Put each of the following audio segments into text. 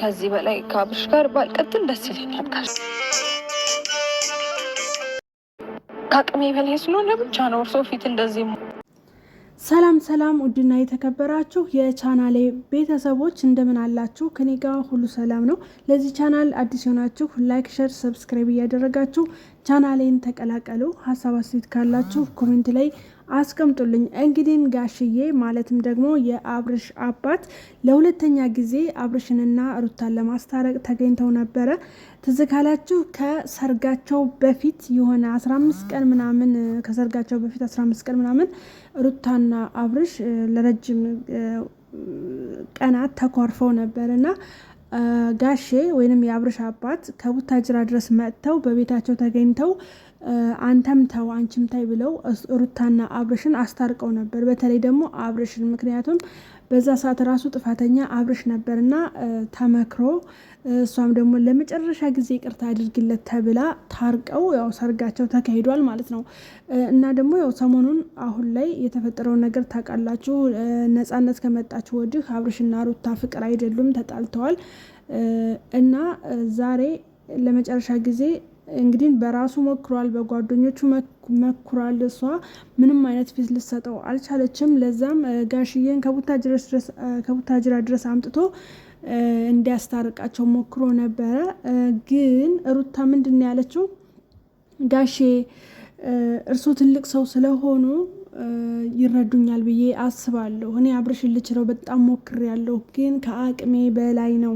ከዚህ በላይ ከአብርሽ ጋር ባልቀጥል ደስ ይለኝ ነበር። ከአቅሜ በላይ ስለሆነ ብቻ ነው እርሶ ፊት እንደዚህ ሰላም ሰላም፣ ውድና የተከበራችሁ የቻናሌ ቤተሰቦች እንደምን አላችሁ? ከኔ ጋር ሁሉ ሰላም ነው። ለዚህ ቻናል አዲስ የሆናችሁ ላይክ፣ ሸር፣ ሰብስክራይብ እያደረጋችሁ ቻናሌን ተቀላቀሉ። ሀሳብ አስተያየት ካላችሁ ኮሜንት ላይ አስቀምጡልኝ። እንግዲህም ጋሽዬ ማለትም ደግሞ የአብርሽ አባት ለሁለተኛ ጊዜ አብርሽንና ሩታን ለማስታረቅ ተገኝተው ነበረ። ትዝ ካላችሁ ከሰርጋቸው በፊት የሆነ 15 ቀን ምናምን ከሰርጋቸው በፊት 15 ቀን ምናምን ሩታና አብርሽ ለረጅም ቀናት ተኮርፈው ነበር እና ጋሼ ወይንም የአብርሽ አባት ከቡታጅራ ድረስ መጥተው በቤታቸው ተገኝተው አንተም ተው አንቺም ታይ ብለው ሩታና አብርሽን አስታርቀው ነበር። በተለይ ደግሞ አብርሽን ምክንያቱም በዛ ሰዓት ራሱ ጥፋተኛ አብርሽ ነበርና ተመክሮ እሷም ደግሞ ለመጨረሻ ጊዜ ቅርታ አድርግለት ተብላ ታርቀው ያው ሰርጋቸው ተካሂዷል ማለት ነው። እና ደግሞ ያው ሰሞኑን አሁን ላይ የተፈጠረውን ነገር ታውቃላችሁ። ነፃነት ከመጣችሁ ወዲህ አብርሽና ሩታ ፍቅር አይደሉም፣ ተጣልተዋል። እና ዛሬ ለመጨረሻ ጊዜ እንግዲህ በራሱ ሞክሯል፣ በጓደኞቹ መኩራል። እሷ ምንም አይነት ፊት ልሰጠው አልቻለችም። ለዛም ጋሽዬን ከቡታጅራ ድረስ አምጥቶ እንዲያስታርቃቸው ሞክሮ ነበረ። ግን ሩታ ምንድን ያለችው? ጋሼ እርሱ ትልቅ ሰው ስለሆኑ ይረዱኛል ብዬ አስባለሁ። እኔ አብርሽን ልችለው በጣም ሞክሬያለሁ፣ ግን ከአቅሜ በላይ ነው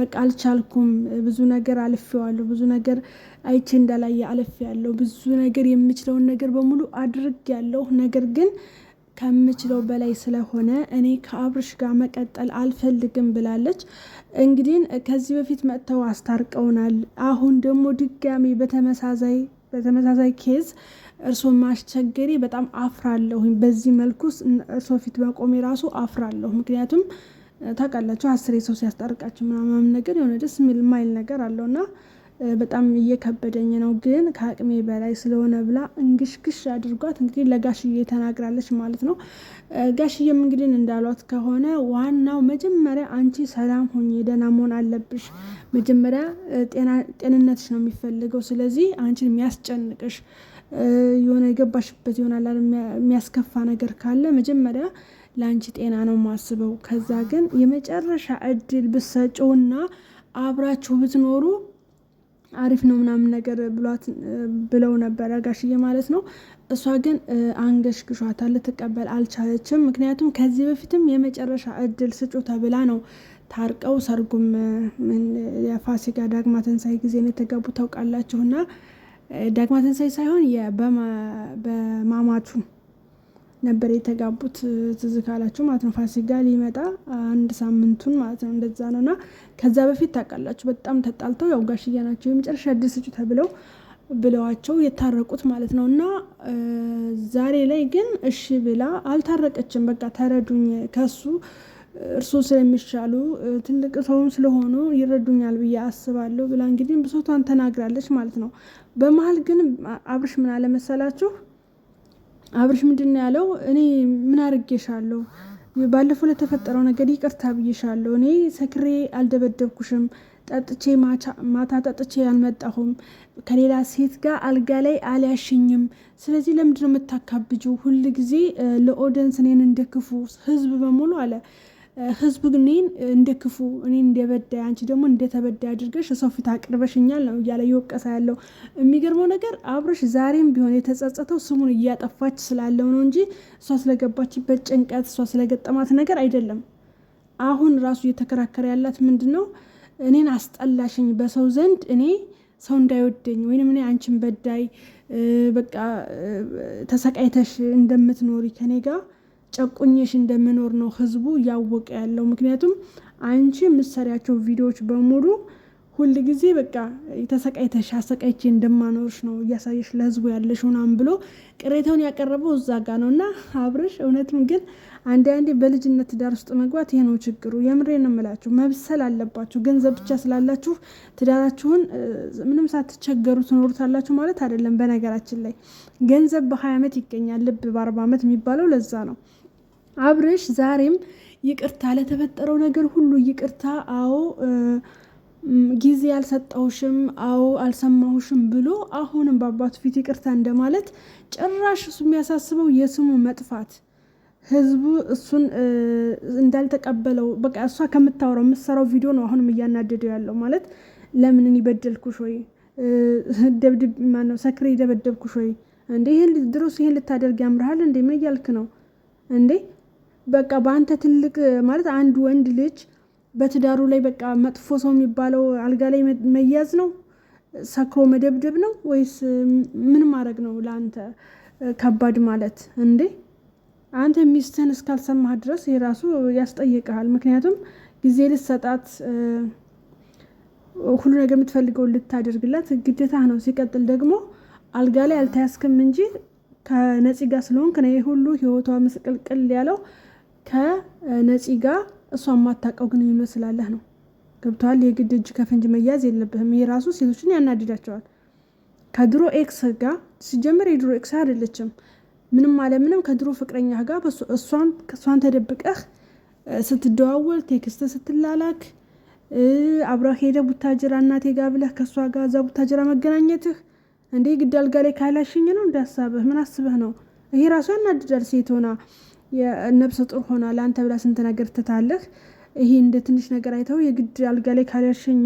በቃ አልቻልኩም፣ ብዙ ነገር አልፌዋለሁ፣ ብዙ ነገር አይቼ እንዳላየ ያለው ብዙ ነገር የምችለውን ነገር በሙሉ አድርግ ያለው ነገር ግን ከምችለው በላይ ስለሆነ እኔ ከአብርሽ ጋር መቀጠል አልፈልግም ብላለች። እንግዲህ ከዚህ በፊት መጥተው አስታርቀውናል። አሁን ደግሞ ድጋሚ በተመሳሳይ በተመሳሳይ ኬዝ እርሶን ማስቸገሬ በጣም አፍራለሁኝ። በዚህ መልኩ እርሶ ፊት መቆሜ ራሱ አፍራለሁ ምክንያቱም ታውቃላችሁ አስሬ ሰው ሲያስታርቃችሁ ምናምን ነገር የሆነ ደስ የሚል ማይል ነገር አለው እና በጣም እየከበደኝ ነው ግን ከአቅሜ በላይ ስለሆነ ብላ እንግሽግሽ አድርጓት እንግዲህ ለጋሽዬ ተናግራለች ማለት ነው። ጋሽዬም እንግዲህ እንዳሏት ከሆነ ዋናው መጀመሪያ አንቺ ሰላም ሆኝ ደህና መሆን አለብሽ። መጀመሪያ ጤንነትሽ ነው የሚፈልገው። ስለዚህ አንቺን የሚያስጨንቅሽ የሆነ የገባሽበት ይሆናል የሚያስከፋ ነገር ካለ መጀመሪያ ለአንቺ ጤና ነው ማስበው። ከዛ ግን የመጨረሻ እድል ብሰጪውና አብራችሁ ብትኖሩ አሪፍ ነው ምናምን ነገር ብሏት ብለው ነበረ ጋሽዬ ማለት ነው። እሷ ግን አንገሽግሿታል፣ ልትቀበል አልቻለችም። ምክንያቱም ከዚህ በፊትም የመጨረሻ እድል ስጩ ተብላ ነው ታርቀው ሰርጉም የፋሲካ ዳግማ ትንሳኤ ጊዜ ነው የተገቡ ታውቃላችሁና ዳግማ ትንሳኤ ሳይሆን በማማቱ ነበር የተጋቡት ትዝ ካላችሁ ማለት ነው። ፋሲካ ሊመጣ አንድ ሳምንቱን ማለት ነው እንደዛ ነው። እና ከዛ በፊት ታውቃላችሁ በጣም ተጣልተው ያው ጋሽዬ ናቸው የመጨረሻ እድል ስጩ ተብለው ብለዋቸው የታረቁት ማለት ነው። እና ዛሬ ላይ ግን እሺ ብላ አልታረቀችም። በቃ ተረዱኝ፣ ከሱ እርሶ ስለሚሻሉ ትልቅ ሰውም ስለሆኑ ይረዱኛል ብዬ አስባለሁ ብላ እንግዲህ ብሶቷን ተናግራለች ማለት ነው። በመሀል ግን አብርሽ ምን አለመሰላችሁ አብርሽ ምንድን ነው ያለው? እኔ ምን አርጌሻለሁ ባለፈው ለተፈጠረው ነገር ይቅርታ ብዬሻለሁ። እኔ ሰክሬ አልደበደብኩሽም። ጠጥቼ ማታ ጠጥቼ አልመጣሁም። ከሌላ ሴት ጋር አልጋ ላይ አልያሽኝም። ስለዚህ ለምንድነው የምታካብጁ? ሁል ጊዜ ለኦደንስ እኔን እንደክፉ ህዝብ በሙሉ አለ ህዝቡ እኔን እንደ ክፉ እኔን እንደ በዳይ አንቺ ደግሞ እንደ ተበዳይ አድርገሽ ሰው ፊት አቅርበሽኛል ነው እያለ እየወቀሰ ያለው። የሚገርመው ነገር አብረሽ ዛሬም ቢሆን የተጸጸተው ስሙን እያጠፋች ስላለው ነው እንጂ እሷ ስለገባችበት ጭንቀት፣ እሷ ስለገጠማት ነገር አይደለም። አሁን ራሱ እየተከራከረ ያላት ምንድን ነው? እኔን አስጠላሽኝ በሰው ዘንድ እኔ ሰው እንዳይወደኝ ወይም እኔ አንቺን በዳይ በቃ ተሰቃይተሽ እንደምትኖሪ ከኔ ጋር ጨቁኝሽ እንደምኖር ነው ህዝቡ እያወቀ ያለው። ምክንያቱም አንቺ የምትሰሪያቸው ቪዲዮዎች በሙሉ ሁል ጊዜ በቃ የተሰቃይተሽ አሰቃይቼ እንደማኖርሽ ነው እያሳየሽ ለህዝቡ ያለሽ ብሎ ቅሬታውን ያቀረበው እዛ ጋ ነው። እና አብርሽ እውነትም ግን አንዴ አንዴ በልጅነት ትዳር ውስጥ መግባት ይሄ ነው ችግሩ። የምሬ ነው የምላችሁ። መብሰል አለባችሁ። ገንዘብ ብቻ ስላላችሁ ትዳራችሁን ምንም ሳትቸገሩ ትኖሩታላችሁ ማለት አይደለም። በነገራችን ላይ ገንዘብ በሀያ ዓመት ይገኛል ልብ በአርባ ዓመት የሚባለው ለዛ ነው። አብርሽ ዛሬም ይቅርታ ለተፈጠረው ነገር ሁሉ ይቅርታ፣ አዎ ጊዜ አልሰጠውሽም፣ አዎ አልሰማሁሽም ብሎ አሁንም በአባቱ ፊት ይቅርታ እንደማለት ጭራሽ እሱ የሚያሳስበው የስሙ መጥፋት ህዝቡ እሱን እንዳልተቀበለው በቃ እሷ ከምታወራው የምትሰራው ቪዲዮ ነው አሁንም እያናደደው ያለው ማለት ለምን እኔ ወይ ደብድብ ማነው ሰክሬ ደበደብኩሽ ወይ እንዴ ይህን ድሮስ ይህን ልታደርግ ያምርሃል እንዴ ምን እያልክ ነው እንዴ በቃ በአንተ ትልቅ ማለት አንድ ወንድ ልጅ በትዳሩ ላይ በቃ መጥፎ ሰው የሚባለው አልጋ ላይ መያዝ ነው፣ ሰክሮ መደብደብ ነው ወይስ ምን ማድረግ ነው? ለአንተ ከባድ ማለት እንዴ? አንተ ሚስትህን እስካልሰማህ ድረስ የራሱ ያስጠይቅሃል። ምክንያቱም ጊዜ ልትሰጣት ሁሉ ነገር የምትፈልገውን ልታደርግላት ግዴታ ነው። ሲቀጥል ደግሞ አልጋ ላይ አልተያዝክም እንጂ ከነፂ ጋር ስለሆንክ ነው ይህ ሁሉ ህይወቷ ምስቅልቅል ያለው። ከነፂ ጋር እሷ የማታውቀው ግንኙነት ስላለህ ነው። ገብተዋል። የግድ እጅ ከፍንጅ መያዝ የለብህም። ይህ ራሱ ሴቶችን ያናድዳቸዋል። ከድሮ ኤክስ ጋር ሲጀምር የድሮ ኤክስ አይደለችም። ምንም አለምንም ከድሮ ፍቅረኛ ጋር እሷን ተደብቀህ ስትደዋወል ቴክስት ስትላላክ አብረህ ሄደ ቡታጅራ እናቴ ጋ ብለህ ከእሷ ጋር እዛ ቡታጅራ መገናኘትህ እንዴ ግድ አልጋ ላይ ካላሽኝ ነው እንዳሳበህ ምን አስበህ ነው? ይሄ ራሱ ያናድዳል። ሴት ሆና የነብሰ ጡር ሆና ለአንተ ብላ ስንት ነገር ትታለህ። ይሄ እንደ ትንሽ ነገር አይተው የግድ አልጋ ላይ ካልያሸኝ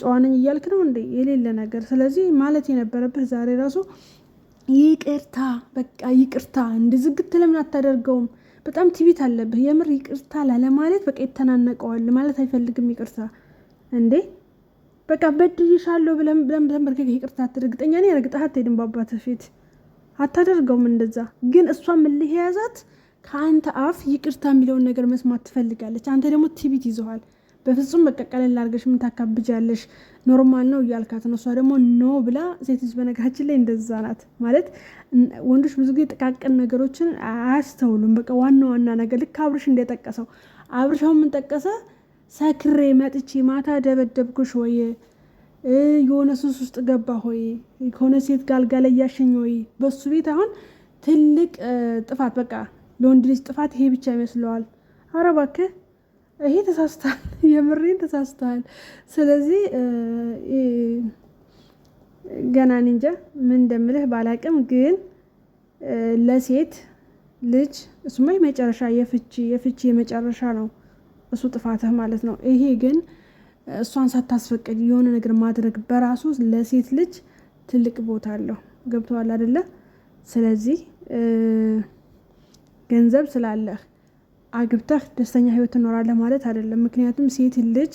ጨዋነኝ እያልክ ነው እንዴ? የሌለ ነገር። ስለዚህ ማለት የነበረብህ ዛሬ ራሱ ይቅርታ፣ በቃ ይቅርታ። እንደ ዝግት ለምን አታደርገውም? በጣም ትቢት አለብህ የምር። ይቅርታ ላለማለት በቃ ይተናነቀዋል። ማለት አይፈልግም ይቅርታ እንዴ በቃ በድይሻለሁ ብለን ብለን ይቅርታ አትደርግጠኛ እርግጠኛ ነኝ ረግጠህ አትሄድም፣ በአባትህ ፊት አታደርገውም። እንደዛ ግን እሷ ምልህ የያዛት ከአንተ አፍ ይቅርታ የሚለውን ነገር መስማት ትፈልጋለች። አንተ ደግሞ ቲቪት ይዘዋል። በፍጹም በቃ ላርገሽ ምን ታካብጃለሽ ኖርማል ነው እያልካት ነው። እሷ ደግሞ ኖ ብላ ሴት ልጅ በነገራችን ላይ እንደዛ ናት ማለት ወንዶች ብዙ ጊዜ ጥቃቅን ነገሮችን አያስተውሉም። በቃ ዋና ዋና ነገር ልክ አብርሽ እንደጠቀሰው አብርሽ አሁን ምን ጠቀሰ? ሰክሬ መጥቼ ማታ ደበደብኩሽ ወይ የሆነ ሱስ ውስጥ ገባ ሆይ ከሆነ ሴት ጋልጋ ላይ ወይ በሱ ቤት አሁን ትልቅ ጥፋት በቃ ለወንድ ልጅ ጥፋት ይሄ ብቻ ይመስለዋል። ኧረ እባክህ ይሄ ተሳስተሃል፣ የምሬን ተሳስተሃል። ስለዚህ ገና እኔ እንጃ ምን እንደምልህ ባላቅም፣ ግን ለሴት ልጅ እሱማ የመጨረሻ የፍቺ የፍቺ የመጨረሻ ነው እሱ ጥፋትህ ማለት ነው። ይሄ ግን እሷን ሳታስፈቅድ የሆነ ነገር ማድረግ በራሱ ለሴት ልጅ ትልቅ ቦታ አለው። ገብተዋል አይደለ? ስለዚህ ገንዘብ ስላለህ አግብተህ ደስተኛ ህይወት ትኖራለህ ማለት አይደለም። ምክንያቱም ሴት ልጅ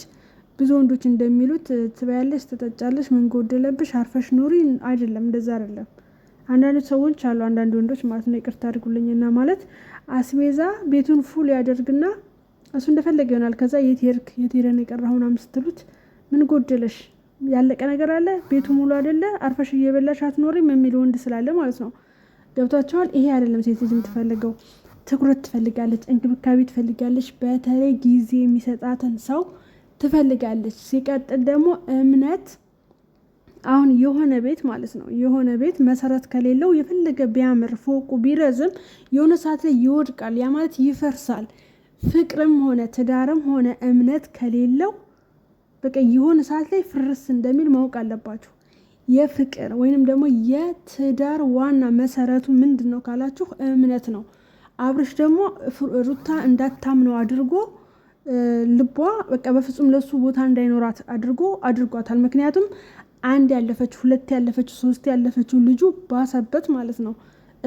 ብዙ ወንዶች እንደሚሉት ትበያለሽ፣ ትጠጫለሽ፣ ምን ጎደለብሽ፣ አርፈሽ ኑሪ አይደለም። እንደዛ አይደለም። አንዳንድ ሰዎች አሉ፣ አንዳንድ ወንዶች ማለት ነው። ይቅርታ አድርጉልኝና ማለት አስቤዛ ቤቱን ፉል ያደርግና እሱ እንደፈለገ ይሆናል። ከዛ የት ሄድክ፣ የት ሄደን የቀረህ ምናምን ስትሉት ምን ጎደለሽ፣ ያለቀ ነገር አለ፣ ቤቱ ሙሉ አይደለ፣ አርፈሽ እየበላሽ አትኖሪም የሚል ወንድ ስላለ ማለት ነው። ገብቷቸዋል። ይሄ አይደለም ሴት ልጅ የምትፈልገው። ትኩረት ትፈልጋለች፣ እንክብካቤ ትፈልጋለች፣ በተለይ ጊዜ የሚሰጣትን ሰው ትፈልጋለች። ሲቀጥል ደግሞ እምነት አሁን የሆነ ቤት ማለት ነው የሆነ ቤት መሰረት ከሌለው የፈለገ ቢያምር ፎቁ ቢረዝም የሆነ ሰዓት ላይ ይወድቃል። ያ ማለት ይፈርሳል። ፍቅርም ሆነ ትዳርም ሆነ እምነት ከሌለው በቃ የሆነ ሰዓት ላይ ፍርስ እንደሚል ማወቅ አለባቸው የፍቅር ወይንም ደግሞ የትዳር ዋና መሰረቱ ምንድን ነው ካላችሁ እምነት ነው። አብርሽ ደግሞ ሩታ እንዳታምነው አድርጎ ልቧ በቃ በፍጹም ለሱ ቦታ እንዳይኖራት አድርጎ አድርጓታል። ምክንያቱም አንድ ያለፈችው ሁለት ያለፈችው ሶስት ያለፈችው ልጁ ባሰበት ማለት ነው።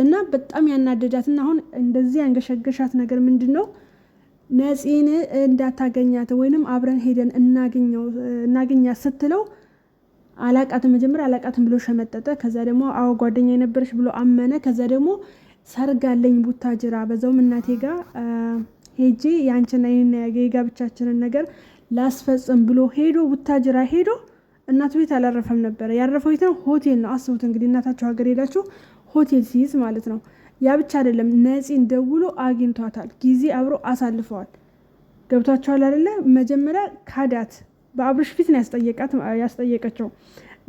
እና በጣም ያናደዳትና አሁን እንደዚህ ያንገሸገሻት ነገር ምንድን ነው ነፂን እንዳታገኛት ወይንም አብረን ሄደን እናገኛት ስትለው አላቃት መጀመሪያ አላቃትም ብሎ ሸመጠጠ። ከዛ ደግሞ አዎ ጓደኛ የነበረች ብሎ አመነ። ከዛ ደግሞ ሰርግ አለኝ ቡታጅራ፣ በዛውም እናቴ ጋር ሄጄ የአንችና የጋብቻችንን ነገር ላስፈጽም ብሎ ሄዶ ቡታጅራ ሄዶ እናቱ ቤት አላረፈም ነበረ። ያረፈው ቤት ነው ሆቴል ነው። አስቡት እንግዲህ እናታቸው ሀገር ሄዳችሁ ሆቴል ሲይዝ ማለት ነው። ያ ብቻ አይደለም፣ ነፂን ደውሎ አግኝቷታል። ጊዜ አብሮ አሳልፈዋል። ገብቷቸዋል አይደለ? መጀመሪያ ካዳት በአብርሽ ፊት ነው ያስጠየቃት ያስጠየቀችው።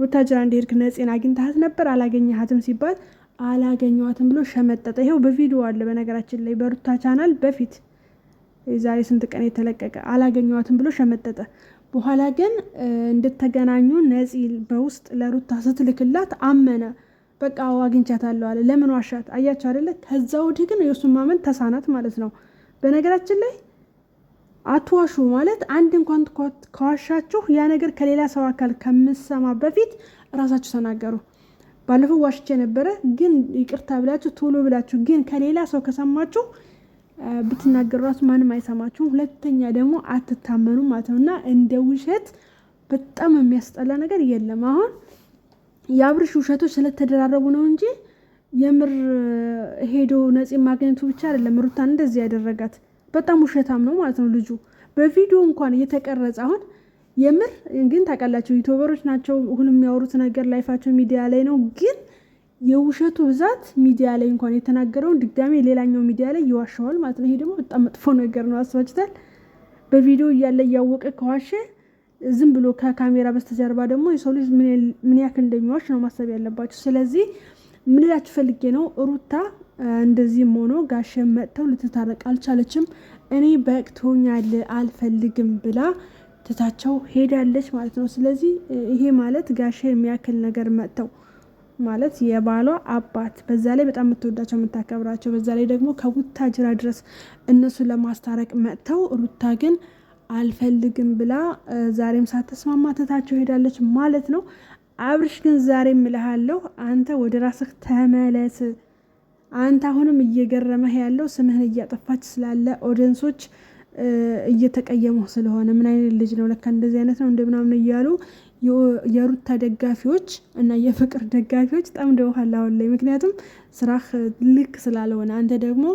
ወታጀራ እንደሄድክ ነፂን አግኝተሃት ነበር አላገኘሃትም ሲባል አላገኘዋትም ብሎ ሸመጠጠ። ይሄው በቪዲዮ አለ። በነገራችን ላይ በሩታ ቻናል በፊት የዛሬ ስንት ቀን የተለቀቀ አላገኘዋትም ብሎ ሸመጠጠ። በኋላ ግን እንድትገናኙ ነፂ በውስጥ ለሩታ ስትልክላት አመነ። በቃ አግኝቻታለሁ አለ። ለምን ዋሻት? አያቸው አደለ? ከዛ ወዲህ ግን የእሱን ማመን ተሳናት ማለት ነው በነገራችን ላይ አትዋሹ ማለት አንድ እንኳን ከዋሻችሁ ያ ነገር ከሌላ ሰው አካል ከምሰማ በፊት እራሳችሁ ተናገሩ። ባለፈው ዋሽቼ ነበረ፣ ግን ይቅርታ ብላችሁ ቶሎ ብላችሁ ግን ከሌላ ሰው ከሰማችሁ ብትናገሩ ራሱ ማንም አይሰማችሁም። ሁለተኛ ደግሞ አትታመኑ ማለት ነው እና እንደ ውሸት በጣም የሚያስጠላ ነገር የለም። አሁን የአብርሽ ውሸቶች ስለተደራረቡ ነው እንጂ የምር ሄዶ ነፂ ማግኘቱ ብቻ አይደለም ሩታን እንደዚህ ያደረጋት። በጣም ውሸታም ነው ማለት ነው ልጁ በቪዲዮ እንኳን እየተቀረጸ አሁን የምር ግን ታውቃላቸው ዩቱበሮች ናቸው ሁሉም የሚያወሩት ነገር ላይፋቸው ሚዲያ ላይ ነው ግን የውሸቱ ብዛት ሚዲያ ላይ እንኳን የተናገረውን ድጋሜ ሌላኛው ሚዲያ ላይ ይዋሸዋል ማለት ነው። ይሄ ደግሞ በጣም መጥፎ ነገር ነው። አስባችታል። በቪዲዮ እያለ እያወቀ ከዋሸ ዝም ብሎ ከካሜራ በስተጀርባ ደግሞ የሰው ልጅ ምን ያክል እንደሚዋሽ ነው ማሰብ ያለባቸው። ስለዚህ ምን እላችሁ ፈልጌ ነው ሩታ እንደዚህም ሆኖ ጋሸም መጥተው ልትታረቅ አልቻለችም። እኔ በቅቶኛል አልፈልግም ብላ ትታቸው ሄዳለች ማለት ነው። ስለዚህ ይሄ ማለት ጋሽ የሚያክል ነገር መጥተው ማለት የባሏ አባት በዛ ላይ በጣም የምትወዳቸው የምታከብራቸው፣ በዛ ላይ ደግሞ ከቡታጅራ ድረስ እነሱ ለማስታረቅ መጥተው ሩታ ግን አልፈልግም ብላ ዛሬም ሳትስማማ ትታቸው ሄዳለች ማለት ነው። አብርሽ ግን ዛሬ ምልሃለሁ፣ አንተ ወደ ራስህ ተመለስ። አንተ አሁንም እየገረመህ ያለው ስምህን እያጠፋች ስላለ ኦዲየንሶች እየተቀየሙ ስለሆነ ምን አይነት ልጅ ነው ለካ እንደዚህ አይነት ነው እንደምናምን እያሉ የሩታ ደጋፊዎች እና የፍቅር ደጋፊዎች ጠምደውሃል አሁን ላይ። ምክንያቱም ስራህ ልክ ስላልሆነ አንተ ደግሞ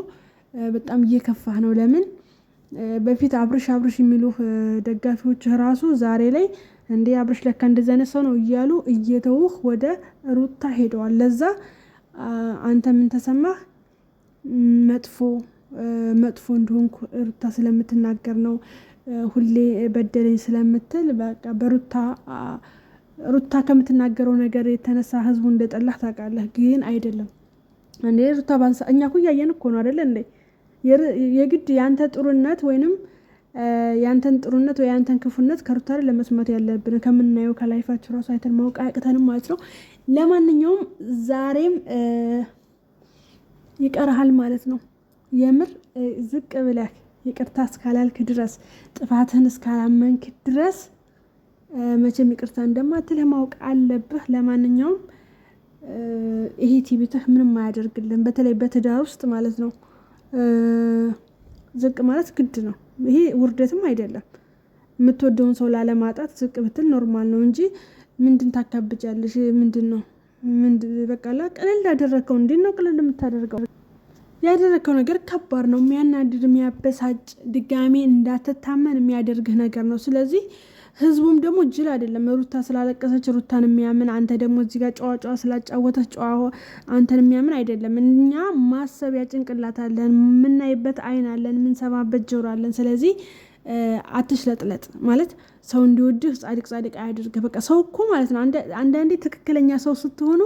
በጣም እየከፋህ ነው። ለምን በፊት አብርሽ አብርሽ የሚሉ ደጋፊዎች ራሱ ዛሬ ላይ እንዴ አብርሽ ለካ እንደዚህ አይነት ሰው ነው እያሉ እየተውህ ወደ ሩታ ሄደዋል። ለዛ አንተ ምን ተሰማህ? መጥፎ መጥፎ እንደሆንኩ ሩታ ስለምትናገር ነው ሁሌ በደለኝ ስለምትል በቃ በሩታ ሩታ ከምትናገረው ነገር የተነሳ ህዝቡ እንደጠላህ ታውቃለህ። ግን አይደለም እንዴ ሩታ ባንሳ እኛ እኮ እያየን እኮ ነው አደለ እንዴ የግድ ያንተ ጥሩነት ወይንም ያንተን ጥሩነት ወይ ያንተን ክፉነት ከሩታሪ ለመስማት ያለብን ከምናየው ከላይፋችሁ ራሱ አይተን ማወቅ አያቅተንም ማለት ነው። ለማንኛውም ዛሬም ይቀርሃል ማለት ነው። የምር ዝቅ ብለህ ይቅርታ እስካላልክ ድረስ ጥፋትህን እስካላመንክ ድረስ መቼም ይቅርታ እንደማትልህ ማወቅ አለብህ። ለማንኛውም ይሄ ቲቪትህ ምንም አያደርግልን፣ በተለይ በትዳር ውስጥ ማለት ነው። ዝቅ ማለት ግድ ነው። ይሄ ውርደትም አይደለም። የምትወደውን ሰው ላለማጣት ዝቅ ብትል ኖርማል ነው እንጂ ምንድን ታካብጫለሽ? ምንድን ነው በቃላ ቅልል ያደረግከው? እንዴት ነው ቅልል የምታደርገው? ያደረግከው ነገር ከባድ ነው። የሚያናድድ፣ የሚያበሳጭ ድጋሜ እንዳትታመን የሚያደርግህ ነገር ነው። ስለዚህ ህዝቡም ደግሞ ጅል አይደለም። ሩታ ስላለቀሰች ሩታን የሚያምን አንተ ደግሞ እዚህ ጋር ጨዋ ጨዋ ስላጫወተች ጨዋ አንተን የሚያምን አይደለም። እኛ ማሰቢያ ጭንቅላት አለን፣ የምናይበት አይን አለን፣ የምንሰማበት ጆሮ አለን። ስለዚህ አትሽለጥለጥ ማለት ሰው እንዲወድህ ጻድቅ ጻድቅ አያድርግ። በቃ ሰው እኮ ማለት ነው አንዳንዴ ትክክለኛ ሰው ስትሆኑ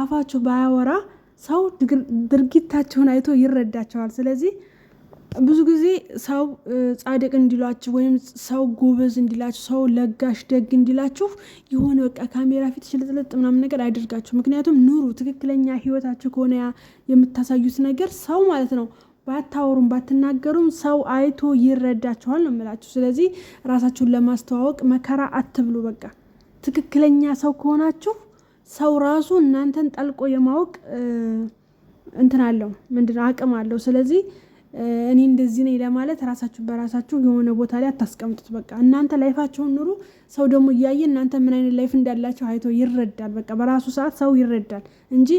አፋችሁ ባያወራ ሰው ድርጊታቸውን አይቶ ይረዳቸዋል። ስለዚህ ብዙ ጊዜ ሰው ጻድቅ እንዲሏችሁ ወይም ሰው ጎበዝ እንዲላችሁ ሰው ለጋሽ ደግ እንዲላችሁ የሆነ በቃ ካሜራ ፊት ሽልጥልጥ ምናምን ነገር አይደርጋችሁ። ምክንያቱም ኑሩ ትክክለኛ ህይወታችሁ ከሆነ የምታሳዩት ነገር ሰው ማለት ነው ባታወሩም ባትናገሩም ሰው አይቶ ይረዳችኋል ነው የምላችሁ። ስለዚህ ራሳችሁን ለማስተዋወቅ መከራ አትብሉ። በቃ ትክክለኛ ሰው ከሆናችሁ ሰው ራሱ እናንተን ጠልቆ የማወቅ እንትን አለው ምንድን አቅም አለው። ስለዚህ እኔ እንደዚህ ነኝ ለማለት ራሳችሁ በራሳችሁ የሆነ ቦታ ላይ አታስቀምጡት። በቃ እናንተ ላይፋችሁን ኑሩ። ሰው ደግሞ እያየ እናንተ ምን አይነት ላይፍ እንዳላቸው አይቶ ይረዳል። በቃ በራሱ ሰዓት ሰው ይረዳል እንጂ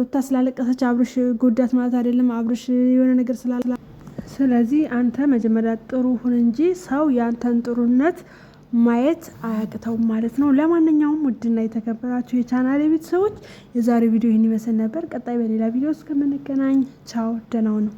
ሩታ ስላለቀሰች አብርሽ ጎዳት ማለት አይደለም። አብርሽ የሆነ ነገር ስላላ ስለዚህ አንተ መጀመሪያ ጥሩ ሁን እንጂ ሰው የአንተን ጥሩነት ማየት አያቅተውም ማለት ነው። ለማንኛውም ውድና የተከበራችሁ የቻናል ቤተሰቦች የዛሬ ቪዲዮ ይህን ይመስል ነበር። ቀጣይ በሌላ ቪዲዮ እስከምንገናኝ ቻው፣ ደህና ነው።